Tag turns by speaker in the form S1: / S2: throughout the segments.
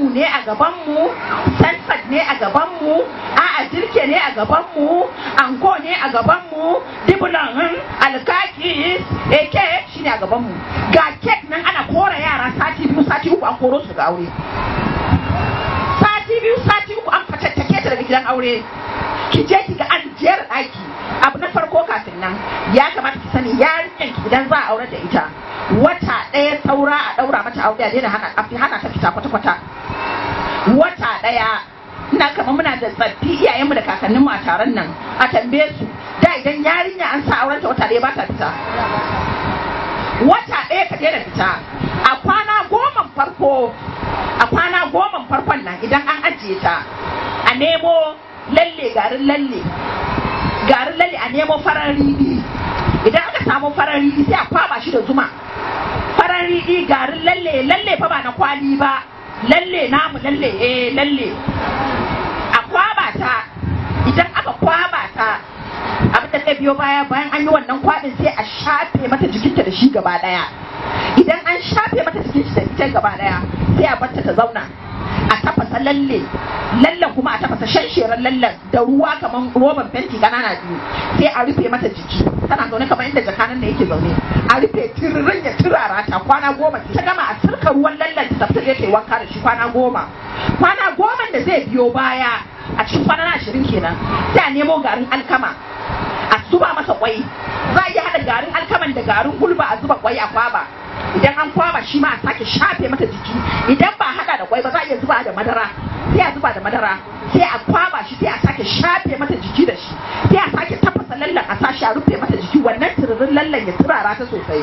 S1: mu ne a gaban mu? sanfat ne a gaban mu? a'a jirke ne a gaban mu? anko ne a gaban mu? dibulan alkaki eke shi ne a gaban mu. ga kek nan ana kora yara sati biyu sati uku an koro su ga aure sati biyu sati uku an fatattake ta daga gidan aure ki je ki ga an jiyar daki abu na farko kafin nan ya kamata ki sani yarinyar ki idan za a aure da ita wata ɗaya saura a ɗaura mata aure a daina haka ta fita kwata-kwata wata ɗaya ina kamar muna da tsaffi iyayenmu da kakanninmu a taron nan a tambaye su da idan yarinya an sa aurenta wata daya ba ta fita wata ɗaya ka daina fita a kwana goma farko a kwana goma farkon nan idan an ajiye ta a nemo lalle garin lalle garin lalle a nemo farar idan aka samu farar riɗi sai a kwaba shi da zuma farar garin lalle lalle fa ba na kwali ba lalle namu lalle eh lalle a kwaba ta idan aka kwaba ta abin da biyo baya bayan an yi wannan kwabin sai a shafe mata jikinta da shi gaba daya idan an shafe mata jikinta da ita gaba daya sai a barta ta zauna a tafasa lalle kuma a tafasa shansheren lallan da ruwa kamar roban fenti kanana biyu sai a rufe mata jiki tana zaune kamar inda jakanan da yake zaune a rufe tiririn ya turara ta kwana goma ta gama a turka ruwan lallan ta tafi ta kai wanka da shi kwana goma kwana goma da zai biyo baya a cikin kwana na ashirin kenan da nemo garin alkama a zuba masa kwai za a iya haɗa garin alkaman da garin gulba a zuba kwai a kwaba idan an kwaba shi ma a sake shafe mata jiki idan ba haɗa da kwai ba za a iya zuba da madara sai a zuba da madara sai a kwaba shi sai a sake shafe mata jiki da shi sai a sake tafasa lallan a sashi a rufe mata jiki wannan tururin lallan ya turara ta sosai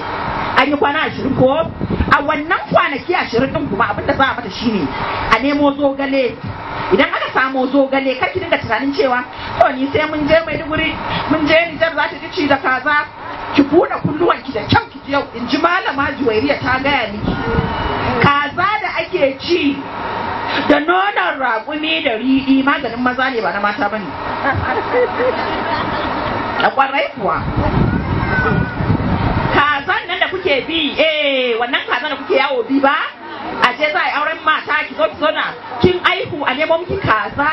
S1: an yi kwana ashirin ko a wannan kwanaki ashirin din kuma abinda za a mata ne a nemo zogale idan aka samo zogale kar ki dinga tunanin cewa to ni sai mun je Maiduguri mun je Nijar za ta ci da kaza ki buɗe kulluwan ki da kyau ki yau in ji malama juwairiya ta gaya miki kaza da ake ci da nonon raƙumi da riɗi maganin maza ne ba na mata ba ne da ƙwarai kuwa kazan nan da kuke bi eh wannan kazan da kuke yawo bi ba a ce za a yi auren mata ki zo ki zona kin aihu a nemo miki kaza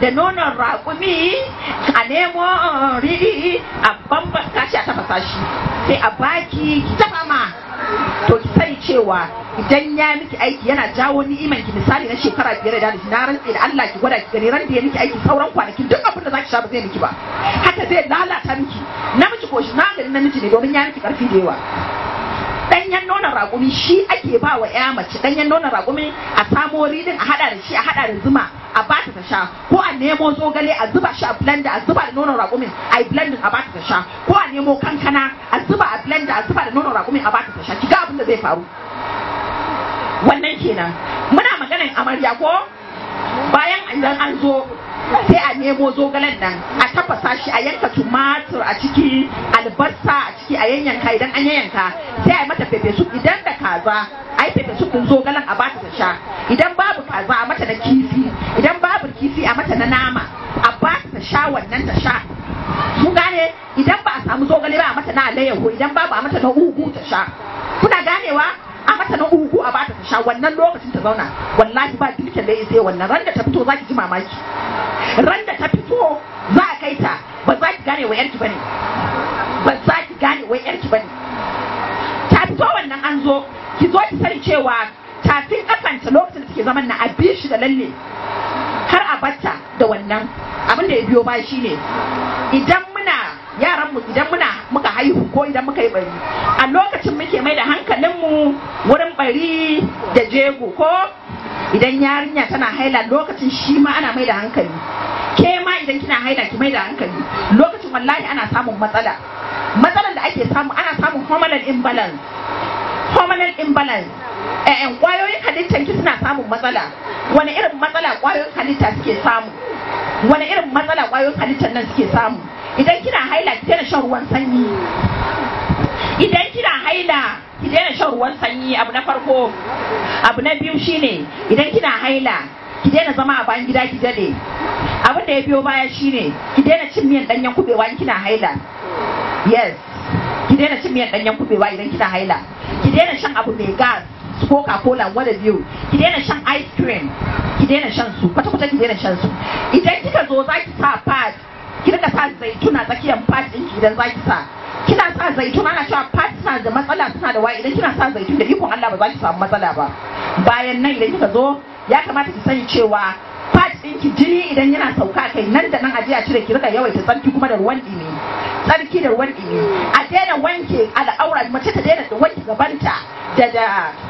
S1: da nonon raƙumi a nemo riɗi a bambanta shi a tafasa shi sai a baki ki tafa ma to ki kan cewa idan ya miki aiki yana jawo ni'iman ki misali na shekara biyar da na rantse da Allah ki gwada ki gani ran da ya miki aiki sauran kwanakin duk abin da zaki sha ba zai miki ba haka zai lalata miki namiji ko shi maganin namiji ne domin ya miki karfi da yawa danyen nonon raƙumi shi ake ba wa ya mace danyen nonon raƙumi a samo ridin a hada da shi a hada da zuma a ba ta sha ko a nemo zogale a zuba shi a blender a zuba da nonon ragumi a yi blending a ba ta sha ko a nemo kankana a zuba a blender a zuba da nonon ragumi a ba ta sha ki ga abin da zai faru wannan kenan muna maganar amarya ko bayan idan an zo sai a nemo zogalen nan a tafasa shi a yanka tumatur a ciki albasa a ciki a yanyanka idan an yanka sai a mata pepe idan da kaza a yi pepe soup din zogalen a bata ta sha idan babu kaza a mata na kifi idan babu kifi a mata na nama a bata ta sha wannan ta sha mun gane idan ba a samu zogale ba a mata na alayyahu idan babu a mata na ugu ta sha kuna ganewa a mata na uku a bata ta sha wannan lokacin ta zauna wallahi ba dukkan da yake wannan ran da ta fito za ki ji mamaki ran da ta fito za a kai ta ba za ki gane wa yarki bane ba za ki gane wa yarki bane ta fito wannan an zo ki zo ki sani cewa tafin kasance lokacin da take zaman na abi shi da lalle har a batta da wannan abin da ya biyo ba shine idan muna yaran mu idan muna muka haihu ko idan muka yi bari a lokacin muke mai da hankalinmu wurin bari da jego ko idan yarinya tana haila lokacin shi ma ana mai da hankali ke ma idan kina haila ki mai da hankali lokacin wallahi ana samun matsala matsalar da ake samu ana samun hormonal imbalance hormonal imbalance eh ƙwayoyin halitta ki suna samun matsala wani irin matsala ƙwayoyin halitta suke samu wani irin matsala ƙwayoyin halitta nan suke samu idan kina haila ki tana shan ruwan sanyi kina haila ki daina shan ruwan sanyi abu na farko abu na biyu shine idan kina haila ki daina zama a bayan gida ki dade abin da ya biyo baya shine ki daina cin miyan danyen kubewa in kina haila yes ki daina cin miyan danyen kubewa idan kina haila ki daina shan abu mai gas coca cola wanda biyu ki daina shan ice cream ki daina shan su kwata kwata ki daina shan su idan kika zo za ki sa pad ki rika sa zaituna tsakiyar pad ɗinki idan za ki sa sa zaitun ana cewa fat suna da matsala suna da waye idan kina sa zaitun da ikon Allah ba za ki samu matsala ba bayan nan idan kika zo ya kamata ki sani cewa fat ki jini idan yana sauka kai nan da nan ajiya cire ki rika yawaita tsarki kuma da ruwan ɗimi tsarki da ruwan ɗimi a daina wanke al'aura mace ta daina wanke gabanta da da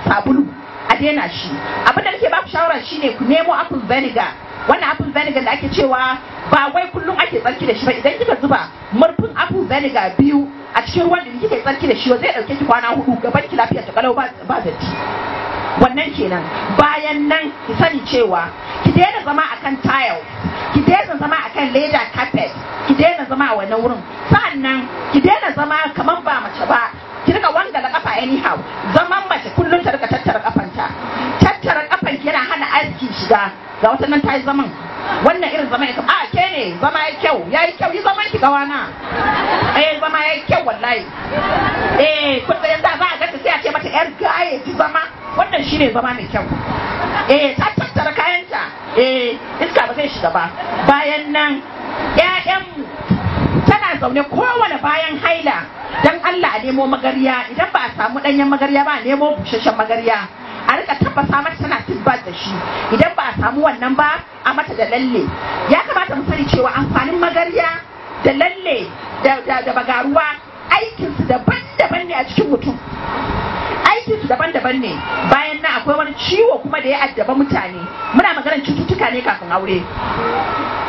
S1: sabulu a daina shi abin da nake baku shawara shine ku nemo apple vinegar wannan apple vinegar da ake cewa ba wai kullum ake tsarki da shi ba idan kika zuba murfin apple vinegar biyu a cikin ruwan da kike tsarki da shi zai dauke ki kwana hudu ga barki lafiyar ta kalau ba zati wannan kenan bayan nan ki sani cewa ki daina zama akan tile ki daina zama akan leda carpet ki daina zama a wannan wurin sannan ki daina zama kamar ba mace ba ki rika da kafa anyhow zaman mace kullum ta rika tattara kafanta tattara ki yana hana aiki shiga ga wata nan ta yi zaman wannan irin zama ya a ah, ke ne zama ya kyau ya yi kyau yi zama ki gawana eh zama ya yi kyau wallahi eh kun da yanzu za a ganta sai a ce mata yar gaye ki zama wannan shine zama mai kyau eh ta tattara kayanta eh iska ba zai shiga ba bayan nan ƴaƴan tana zaune kowane bayan haila dan Allah a nemo magarya idan ba a samu ɗanyen magarya ba a nemo busasshen magarya rika tabbasa mata tana tisbat da shi idan ba a samu wannan ba a mata da lalle ya kamata mu sani cewa amfanin magarya da lalle da bagaruwa aikinsu daban-daban ne a cikin mutum su daban-daban ne bayan na akwai wani ciwo kuma da ya addaba mutane muna maganar cututtuka ne kafin aure